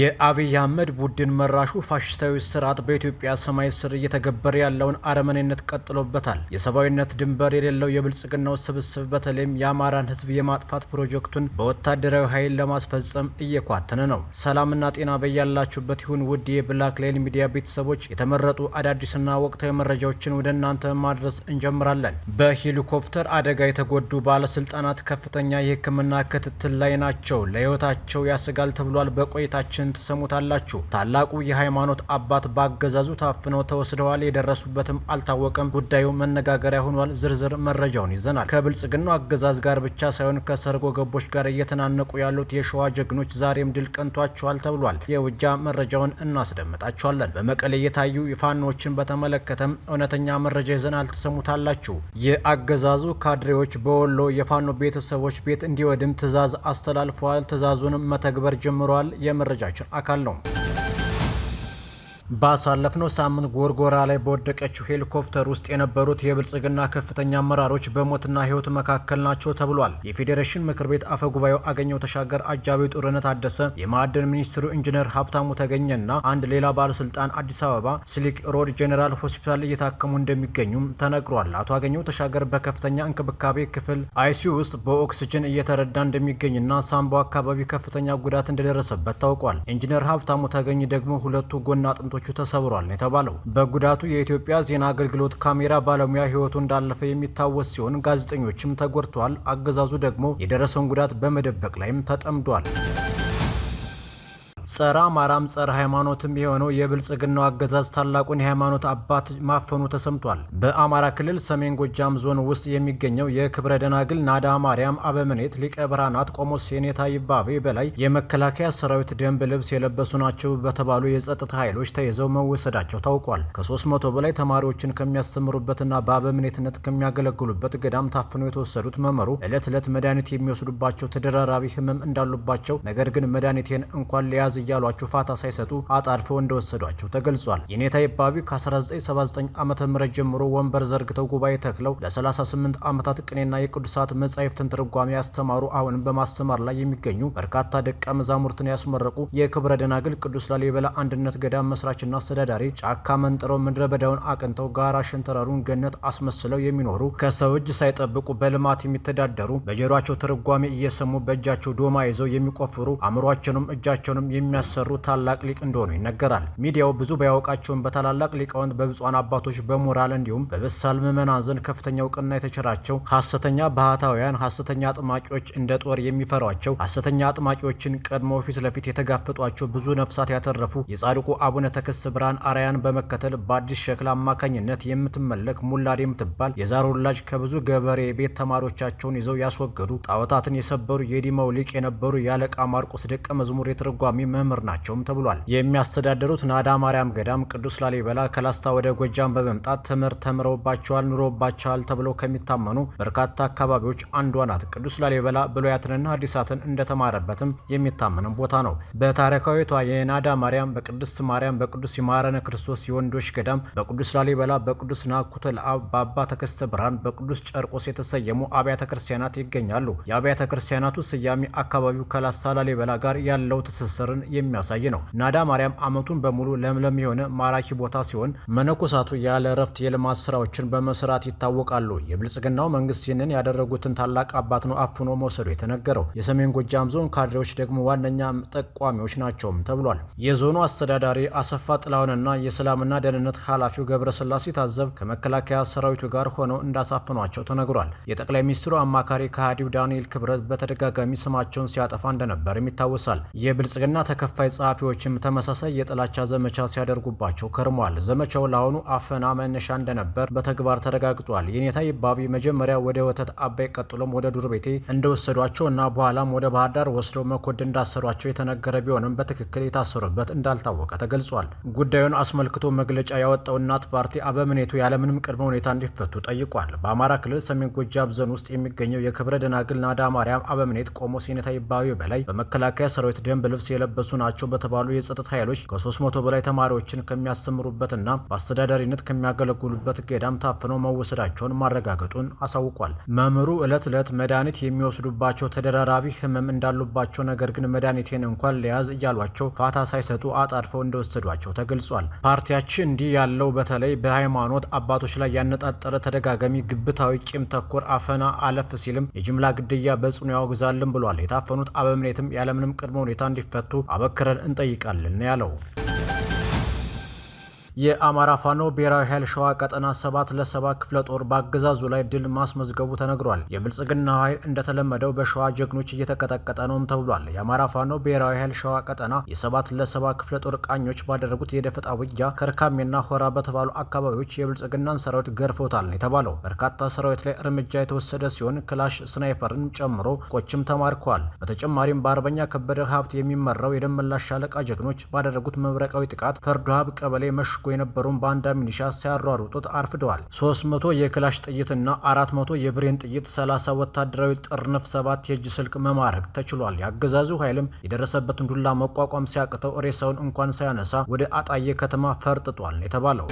የአብይ አህመድ ቡድን መራሹ ፋሽስታዊ ስርዓት በኢትዮጵያ ሰማይ ስር እየተገበረ ያለውን አረመኔነት ቀጥሎበታል። የሰብአዊነት ድንበር የሌለው የብልጽግናው ስብስብ በተለይም የአማራን ሕዝብ የማጥፋት ፕሮጀክቱን በወታደራዊ ኃይል ለማስፈጸም እየኳተነ ነው። ሰላምና ጤና በያላችሁበት ይሁን ውድ የብላክ ላይን ሚዲያ ቤተሰቦች፣ የተመረጡ አዳዲስና ወቅታዊ መረጃዎችን ወደ እናንተ ማድረስ እንጀምራለን። በሄሊኮፕተር አደጋ የተጎዱ ባለስልጣናት ከፍተኛ የሕክምና ክትትል ላይ ናቸው። ለህይወታቸው ያሰጋል ተብሏል። በቆይታችን ታሪካችን ትሰሙታላችሁ። ታላቁ የሃይማኖት አባት ባገዛዙ ታፍነው ተወስደዋል። የደረሱበትም አልታወቀም። ጉዳዩ መነጋገሪያ ሆኗል። ዝርዝር መረጃውን ይዘናል። ከብልጽግናው አገዛዝ ጋር ብቻ ሳይሆን ከሰርጎ ገቦች ጋር እየተናነቁ ያሉት የሸዋ ጀግኖች ዛሬም ድል ቀንቷቸዋል ተብሏል። የውጊያ መረጃውን እናስደምጣቸዋለን። በመቀሌ የታዩ ፋኖዎችን በተመለከተም እውነተኛ መረጃ ይዘናል። ትሰሙታላችሁ። የአገዛዙ ካድሬዎች በወሎ የፋኖ ቤተሰቦች ቤት እንዲወድም ትዕዛዝ አስተላልፈዋል። ትዕዛዙንም መተግበር ጀምረዋል። የመረጃቸው አካል ነው። ባሳለፍነው ሳምንት ጎርጎራ ላይ በወደቀችው ሄሊኮፕተር ውስጥ የነበሩት የብልጽግና ከፍተኛ አመራሮች በሞትና ሕይወት መካከል ናቸው ተብሏል። የፌዴሬሽን ምክር ቤት አፈ ጉባኤው አገኘው ተሻገር፣ አጃቢው ጦርነት አደሰ፣ የማዕድን ሚኒስትሩ ኢንጂነር ሀብታሙ ተገኘና አንድ ሌላ ባለስልጣን አዲስ አበባ ስሊክ ሮድ ጄኔራል ሆስፒታል እየታከሙ እንደሚገኙም ተነግሯል። አቶ አገኘው ተሻገር በከፍተኛ እንክብካቤ ክፍል አይሲዩ ውስጥ በኦክስጅን እየተረዳ እንደሚገኝና ሳምቦ አካባቢ ከፍተኛ ጉዳት እንደደረሰበት ታውቋል። ኢንጂነር ሀብታሙ ተገኝ ደግሞ ሁለቱ ጎን አጥንቶ ብረቶቹ ተሰብሯል ነው የተባለው። በጉዳቱ የኢትዮጵያ ዜና አገልግሎት ካሜራ ባለሙያ ሕይወቱ እንዳለፈ የሚታወስ ሲሆን ጋዜጠኞችም ተጎድተዋል። አገዛዙ ደግሞ የደረሰውን ጉዳት በመደበቅ ላይም ተጠምዷል። ጸረ አማራም ጸረ ሃይማኖትም የሆነው የብልጽግናው አገዛዝ ታላቁን የሃይማኖት አባት ማፈኑ ተሰምቷል። በአማራ ክልል ሰሜን ጎጃም ዞን ውስጥ የሚገኘው የክብረ ደናግል ናዳ ማርያም አበምኔት ሊቀ ብርሃናት ቆሞስ ሴኔታ ይባቤ በላይ የመከላከያ ሰራዊት ደንብ ልብስ የለበሱ ናቸው በተባሉ የጸጥታ ኃይሎች ተይዘው መወሰዳቸው ታውቋል። ከ300 በላይ ተማሪዎችን ከሚያስተምሩበትና በአበምኔትነት ከሚያገለግሉበት ገዳም ታፍነው የተወሰዱት መመሩ ዕለት ዕለት መድኃኒት የሚወስዱባቸው ተደራራቢ ህመም እንዳሉባቸው ነገር ግን መድኃኒቴን እንኳን ሊያዝ እያሏቸው ፋታ ሳይሰጡ አጣድፈው እንደወሰዷቸው ተገልጿል። የኔታ ይባቤ ከ1979 ዓ ም ጀምሮ ወንበር ዘርግተው ጉባኤ ተክለው ለ38 ዓመታት ቅኔና የቅዱሳት መጻሕፍትን ትርጓሜ ያስተማሩ አሁንም በማስተማር ላይ የሚገኙ በርካታ ደቀ መዛሙርትን ያስመረቁ የክብረ ደናግል ቅዱስ ላሊበላ አንድነት ገዳም መስራችና አስተዳዳሪ ጫካ መንጥረው ምድረ በዳውን አቅንተው ጋራ ሸንተረሩን ገነት አስመስለው የሚኖሩ ከሰው እጅ ሳይጠብቁ በልማት የሚተዳደሩ በጀሯቸው ትርጓሜ እየሰሙ በእጃቸው ዶማ ይዘው የሚቆፍሩ አእምሯቸውንም እጃቸውንም የሚ የሚያሰሩ ታላቅ ሊቅ እንደሆኑ ይነገራል። ሚዲያው ብዙ ባያውቃቸውን በታላላቅ ሊቃውንት፣ በብፁዓን አባቶች፣ በሞራል እንዲሁም በበሳል ምዕመናን ዘንድ ከፍተኛ እውቅና የተቸራቸው ሐሰተኛ ባህታውያን፣ ሐሰተኛ አጥማቂዎች እንደ ጦር የሚፈሯቸው ሐሰተኛ አጥማቂዎችን ቀድሞ ፊት ለፊት የተጋፈጧቸው ብዙ ነፍሳት ያተረፉ የጻድቁ አቡነ ተክስ ብርሃን አርያን በመከተል በአዲስ ሸክላ አማካኝነት የምትመለክ ሙላድ የምትባል የዛር ወላጅ ከብዙ ገበሬ ቤት ተማሪዎቻቸውን ይዘው ያስወገዱ ጣዖታትን የሰበሩ የዲማው ሊቅ የነበሩ የአለቃ ማርቆስ ደቀ መዝሙር የተረጓሚ መምህር ናቸውም ተብሏል። የሚያስተዳደሩት ናዳ ማርያም ገዳም ቅዱስ ላሊበላ ከላስታ ወደ ጎጃም በመምጣት ትምህርት ተምረውባቸዋል፣ ኑሮባቸዋል ተብለው ከሚታመኑ በርካታ አካባቢዎች አንዷ ናት። ቅዱስ ላሊበላ ብሉያትንና አዲሳትን እንደተማረበትም የሚታመንም ቦታ ነው። በታሪካዊቷ የናዳ ማርያም፣ በቅድስት ማርያም፣ በቅዱስ ይማረነ ክርስቶስ የወንዶች ገዳም፣ በቅዱስ ላሊበላ፣ በቅዱስ ናኩቶ ለአብ፣ በአባ ተክስተ ብርሃን፣ በቅዱስ ጨርቆስ የተሰየሙ አብያተ ክርስቲያናት ይገኛሉ። የአብያተ ክርስቲያናቱ ስያሜ አካባቢው ከላስታ ላሊበላ ጋር ያለው ትስስርን የሚያሳይ ነው። ናዳ ማርያም ዓመቱን በሙሉ ለምለም የሆነ ማራኪ ቦታ ሲሆን መነኮሳቱ ያለ እረፍት የልማት ስራዎችን በመስራት ይታወቃሉ። የብልጽግናው መንግስት ይህንን ያደረጉትን ታላቅ አባት ነው አፍኖ መውሰዱ የተነገረው። የሰሜን ጎጃም ዞን ካድሬዎች ደግሞ ዋነኛ ጠቋሚዎች ናቸውም ተብሏል። የዞኑ አስተዳዳሪ አሰፋ ጥላሁንና የሰላምና ደህንነት ኃላፊው ገብረስላሴ ታዘብ ከመከላከያ ሰራዊቱ ጋር ሆነው እንዳሳፍኗቸው ተነግሯል። የጠቅላይ ሚኒስትሩ አማካሪ ከሃዲው ዳንኤል ክብረት በተደጋጋሚ ስማቸውን ሲያጠፋ እንደነበርም ይታወሳል። የብልጽግና ተከፋይ ጸሐፊዎችም ተመሳሳይ የጥላቻ ዘመቻ ሲያደርጉባቸው ከርሟል። ዘመቻው ለአሁኑ አፈና መነሻ እንደነበር በተግባር ተረጋግጧል። የኔታ ይባቢ መጀመሪያ ወደ ወተት አባይ ቀጥሎም ወደ ዱር ቤቴ እንደወሰዷቸው እና በኋላም ወደ ባህር ዳር ወስደው መኮድ እንዳሰሯቸው የተነገረ ቢሆንም በትክክል የታሰሩበት እንዳልታወቀ ተገልጿል። ጉዳዩን አስመልክቶ መግለጫ ያወጣው እናት ፓርቲ አበምኔቱ ያለምንም ቅድመ ሁኔታ እንዲፈቱ ጠይቋል። በአማራ ክልል ሰሜን ጎጃም ዞን ውስጥ የሚገኘው የክብረ ደናግል ናዳ ማርያም አበምኔት ቆሞስ የኔታ ይባቢ በላይ በመከላከያ ሰራዊት ደንብ ልብስ የለበ የለበሱ ናቸው በተባሉ የጸጥታ ኃይሎች ከ300 በላይ ተማሪዎችን ከሚያስተምሩበትና በአስተዳዳሪነት ከሚያገለግሉበት ገዳም ታፍነው መወሰዳቸውን ማረጋገጡን አሳውቋል። መምህሩ ዕለት ዕለት መድኃኒት የሚወስዱባቸው ተደራራቢ ህመም እንዳሉባቸው፣ ነገር ግን መድኃኒቴን እንኳን ለያዝ እያሏቸው ፋታ ሳይሰጡ አጣድፈው እንደወሰዷቸው ተገልጿል። ፓርቲያችን እንዲህ ያለው በተለይ በሃይማኖት አባቶች ላይ ያነጣጠረ ተደጋጋሚ ግብታዊ ቂም ተኮር አፈና አለፍ ሲልም የጅምላ ግድያ በጽኑ ያወግዛልን ብሏል። የታፈኑት አበምኔትም ያለምንም ቅድመ ሁኔታ እንዲፈቱ አበክረን እንጠይቃለን ያለው የአማራ ፋኖ ብሔራዊ ኃይል ሸዋ ቀጠና ሰባት ለሰባ ክፍለ ጦር በአገዛዙ ላይ ድል ማስመዝገቡ ተነግሯል። የብልጽግና ኃይል እንደተለመደው በሸዋ ጀግኖች እየተቀጠቀጠ ነውም ተብሏል። የአማራ ፋኖ ብሔራዊ ኃይል ሸዋ ቀጠና የሰባት ለሰባ ክፍለ ጦር ቃኞች ባደረጉት የደፈጣ ውጊያ ከርካሜና ሆራ በተባሉ አካባቢዎች የብልጽግናን ሰራዊት ገርፎታል ነው የተባለው። በርካታ ሰራዊት ላይ እርምጃ የተወሰደ ሲሆን ክላሽ ስናይፐርን ጨምሮ ቆችም ተማርከዋል። በተጨማሪም በአርበኛ ከበደ ሀብት የሚመራው የደመላሽ ሻለቃ ጀግኖች ባደረጉት መብረቃዊ ጥቃት ፈርዶ ቀበሌ መሽጉ የነበረውን ባንዳ ሚኒሻ ሲያሯሩጡት አርፍደዋል። 300 የክላሽ ጥይትና 400 የብሬን ጥይት፣ 30 ወታደራዊ ጥርንፍ፣ 7 የእጅ ስልክ መማረክ ተችሏል። የአገዛዙ ኃይልም የደረሰበትን ዱላ መቋቋም ሲያቅተው ሬሳውን እንኳን ሳያነሳ ወደ አጣዬ ከተማ ፈርጥጧል የተባለው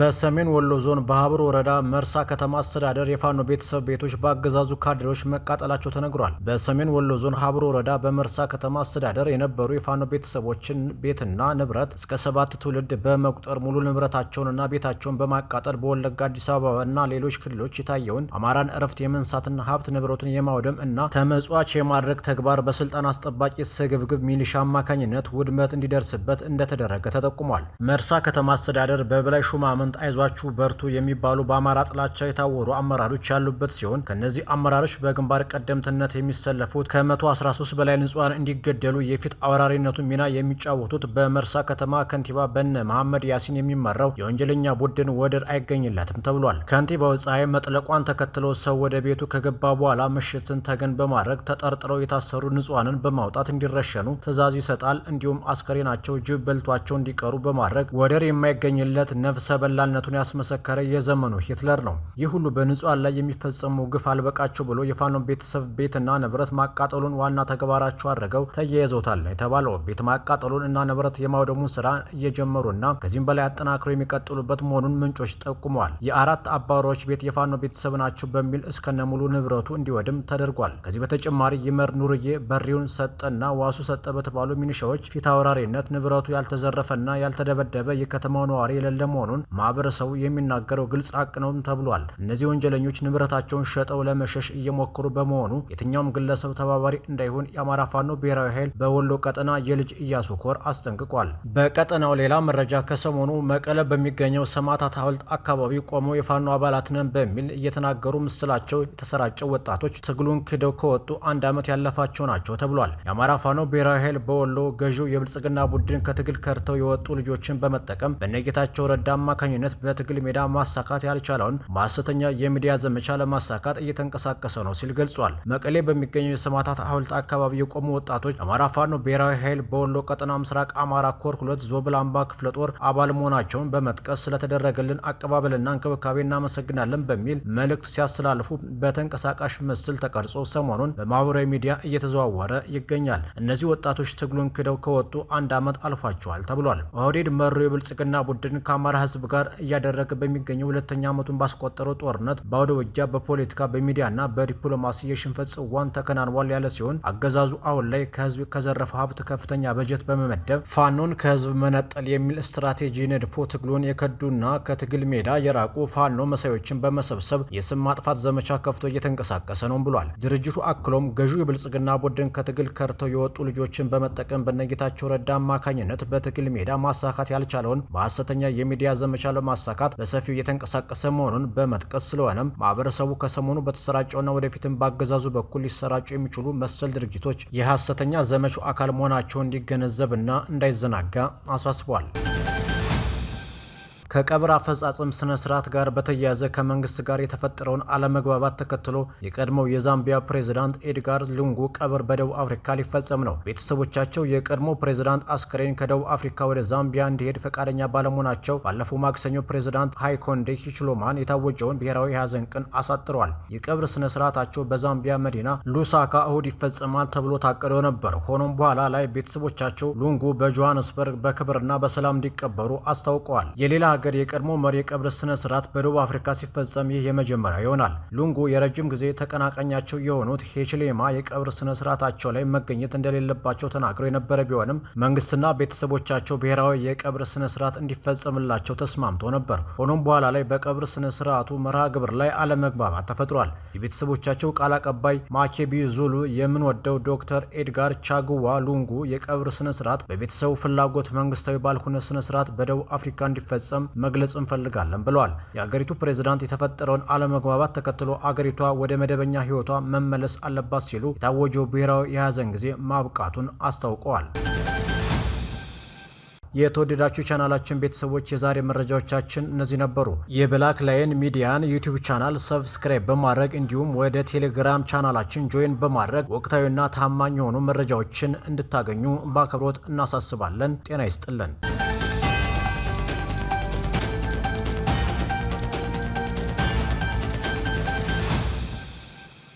በሰሜን ወሎ ዞን በሀብር ወረዳ መርሳ ከተማ አስተዳደር የፋኖ ቤተሰብ ቤቶች በአገዛዙ ካድሬዎች መቃጠላቸው ተነግሯል። በሰሜን ወሎ ዞን ሀብር ወረዳ በመርሳ ከተማ አስተዳደር የነበሩ የፋኖ ቤተሰቦችን ቤትና ንብረት እስከ ሰባት ትውልድ በመቁጠር ሙሉ ንብረታቸውንና ቤታቸውን በማቃጠል በወለጋ አዲስ አበባና ሌሎች ክልሎች የታየውን አማራን እረፍት የመንሳትና ሀብት ንብረቱን የማውደም እና ተመጽዋች የማድረግ ተግባር በስልጣን አስጠባቂ ስግብግብ ሚሊሻ አማካኝነት ውድመት እንዲደርስበት እንደተደረገ ተጠቁሟል። መርሳ ከተማ አስተዳደር በበላይ ሹማ ። ሳምንት አይዟችሁ በርቱ የሚባሉ በአማራ ጥላቻ የታወሩ አመራሮች ያሉበት ሲሆን ከነዚህ አመራሮች በግንባር ቀደምትነት የሚሰለፉት ከ113 በላይ ንጹሐን እንዲገደሉ የፊት አውራሪነቱን ሚና የሚጫወቱት በመርሳ ከተማ ከንቲባ በነ መሐመድ ያሲን የሚመራው የወንጀለኛ ቡድን ወደር አይገኝለትም ተብሏል። ከንቲባው ፀሐይ መጥለቋን ተከትሎ ሰው ወደ ቤቱ ከገባ በኋላ ምሽትን ተገን በማድረግ ተጠርጥረው የታሰሩ ንጹሐንን በማውጣት እንዲረሸኑ ትዕዛዝ ይሰጣል። እንዲሁም አስከሬናቸው ጅብ በልቷቸው እንዲቀሩ በማድረግ ወደር የማይገኝለት ነፍሰ በላ ቀላልነቱን ያስመሰከረ የዘመኑ ሂትለር ነው። ይህ ሁሉ በንጹሐን ላይ የሚፈጸመው ግፍ አልበቃቸው ብሎ የፋኖን ቤተሰብ ቤትና ንብረት ማቃጠሉን ዋና ተግባራቸው አድርገው ተያይዘውታል የተባለው ቤት ማቃጠሉን እና ንብረት የማውደሙን ስራ እየጀመሩና ከዚህም በላይ አጠናክረው የሚቀጥሉበት መሆኑን ምንጮች ጠቁመዋል። የአራት አባሮች ቤት የፋኖ ቤተሰብ ናቸው በሚል እስከነሙሉ ንብረቱ እንዲወድም ተደርጓል። ከዚህ በተጨማሪ ይመር ኑርዬ በሪውን ሰጠና ዋሱ ሰጠ በተባሉ ሚኒሻዎች ፊት አውራሪነት ንብረቱ ያልተዘረፈና ያልተደበደበ የከተማው ነዋሪ የሌለ መሆኑን ማህበረሰቡ የሚናገረው ግልጽ ሀቅ ነው ተብሏል። እነዚህ ወንጀለኞች ንብረታቸውን ሸጠው ለመሸሽ እየሞከሩ በመሆኑ የትኛውም ግለሰብ ተባባሪ እንዳይሆን የአማራ ፋኖ ብሔራዊ ኃይል በወሎ ቀጠና የልጅ እያሱ ኮር አስጠንቅቋል። በቀጠናው ሌላ መረጃ ከሰሞኑ መቀለ በሚገኘው ሰማዕታት ሐውልት አካባቢ ቆመው የፋኖ አባላት ነን በሚል እየተናገሩ ምስላቸው የተሰራጨው ወጣቶች ትግሉን ክደው ከወጡ አንድ ዓመት ያለፋቸው ናቸው ተብሏል። የአማራ ፋኖ ብሔራዊ ኃይል በወሎ ገዢው የብልጽግና ቡድን ከትግል ከርተው የወጡ ልጆችን በመጠቀም በነጌታቸው ረዳ አማካኝ ግንኙነት በትግል ሜዳ ማሳካት ያልቻለውን ሐሰተኛ የሚዲያ ዘመቻ ለማሳካት እየተንቀሳቀሰ ነው ሲል ገልጿል። መቀሌ በሚገኘው የሰማዕታት ሐውልት አካባቢ የቆሙ ወጣቶች አማራ ፋኖ ብሔራዊ ኃይል በወሎ ቀጠና ምስራቅ አማራ ኮር ሁለት ዞብል አምባ ክፍለ ጦር አባል መሆናቸውን በመጥቀስ ስለተደረገልን አቀባበልና እንክብካቤ እናመሰግናለን በሚል መልእክት ሲያስተላልፉ በተንቀሳቃሽ ምስል ተቀርጾ ሰሞኑን በማህበራዊ ሚዲያ እየተዘዋወረ ይገኛል። እነዚህ ወጣቶች ትግሉን ክደው ከወጡ አንድ ዓመት አልፏቸዋል ተብሏል። ኦህዴድ መሩ የብልጽግና ቡድን ከአማራ ህዝብ ጋር ጋር እያደረገ በሚገኘው ሁለተኛ ዓመቱን ባስቆጠረው ጦርነት በአውደ ውጊያ በፖለቲካ በሚዲያና በዲፕሎማሲ የሽንፈት ጽዋን ተከናንቧል ያለ ሲሆን አገዛዙ አሁን ላይ ከህዝብ ከዘረፈው ሀብት ከፍተኛ በጀት በመመደብ ፋኖን ከህዝብ መነጠል የሚል ስትራቴጂ ነድፎ ትግሉን የከዱና ከትግል ሜዳ የራቁ ፋኖ መሳዮችን በመሰብሰብ የስም ማጥፋት ዘመቻ ከፍቶ እየተንቀሳቀሰ ነው ብሏል። ድርጅቱ አክሎም ገዢው የብልጽግና ቡድን ከትግል ከርተው የወጡ ልጆችን በመጠቀም በነጌታቸው ረዳ አማካኝነት በትግል ሜዳ ማሳካት ያልቻለውን በሀሰተኛ የሚዲያ ዘመቻ ለማሳካት በሰፊው እየተንቀሳቀሰ መሆኑን በመጥቀስ ስለሆነም ማህበረሰቡ ከሰሞኑ በተሰራጨውና ወደፊትም በአገዛዙ በኩል ሊሰራጩ የሚችሉ መሰል ድርጊቶች የሐሰተኛ ዘመቹ አካል መሆናቸውን እንዲገነዘብና እንዳይዘናጋ አሳስቧል። ከቀብር አፈጻጸም ስነ ስርዓት ጋር በተያያዘ ከመንግስት ጋር የተፈጠረውን አለመግባባት ተከትሎ የቀድሞው የዛምቢያ ፕሬዝዳንት ኤድጋር ሉንጉ ቀብር በደቡብ አፍሪካ ሊፈጸም ነው። ቤተሰቦቻቸው የቀድሞ ፕሬዝዳንት አስክሬን ከደቡብ አፍሪካ ወደ ዛምቢያ እንዲሄድ ፈቃደኛ ባለመሆናቸው ባለፈው ማክሰኞ ፕሬዝዳንት ሃይኮንዴ ሂችሎማን የታወጀውን ብሔራዊ የሀዘን ቀን አሳጥሯል። የቀብር ስነ ስርዓታቸው በዛምቢያ መዲና ሉሳካ እሁድ ይፈጸማል ተብሎ ታቅዶ ነበር። ሆኖም በኋላ ላይ ቤተሰቦቻቸው ሉንጉ በጆሃንስበርግ በክብርና በሰላም እንዲቀበሩ አስታውቀዋል። የሌላ ሀገር የቀድሞ መሪ የቀብር ስነ ስርዓት በደቡብ አፍሪካ ሲፈጸም ይህ የመጀመሪያ ይሆናል። ሉንጉ የረጅም ጊዜ ተቀናቃኛቸው የሆኑት ሄችሌማ የቀብር ስነ ስርዓታቸው ላይ መገኘት እንደሌለባቸው ተናግረው የነበረ ቢሆንም መንግስትና ቤተሰቦቻቸው ብሔራዊ የቀብር ስነ ስርዓት እንዲፈጸምላቸው ተስማምቶ ነበር። ሆኖም በኋላ ላይ በቀብር ስነ ስርዓቱ መርሃ ግብር ላይ አለመግባባት ተፈጥሯል። የቤተሰቦቻቸው ቃል አቀባይ ማኬቢ ዙሉ የምንወደው ዶክተር ኤድጋር ቻጉዋ ሉንጉ የቀብር ስነ ስርዓት በቤተሰቡ ፍላጎት መንግስታዊ ባልሆነ ስነ ስርዓት በደቡብ አፍሪካ እንዲፈጸም መግለጽ እንፈልጋለን ብለዋል። የአገሪቱ ፕሬዝዳንት የተፈጠረውን አለመግባባት ተከትሎ አገሪቷ ወደ መደበኛ ህይወቷ መመለስ አለባት ሲሉ የታወጀው ብሔራዊ የሀዘን ጊዜ ማብቃቱን አስታውቀዋል። የተወደዳችሁ ቻናላችን ቤተሰቦች የዛሬ መረጃዎቻችን እነዚህ ነበሩ። የብላክ ላየን ሚዲያን ዩቲዩብ ቻናል ሰብስክራይብ በማድረግ እንዲሁም ወደ ቴሌግራም ቻናላችን ጆይን በማድረግ ወቅታዊና ታማኝ የሆኑ መረጃዎችን እንድታገኙ በአክብሮት እናሳስባለን። ጤና ይስጥልን።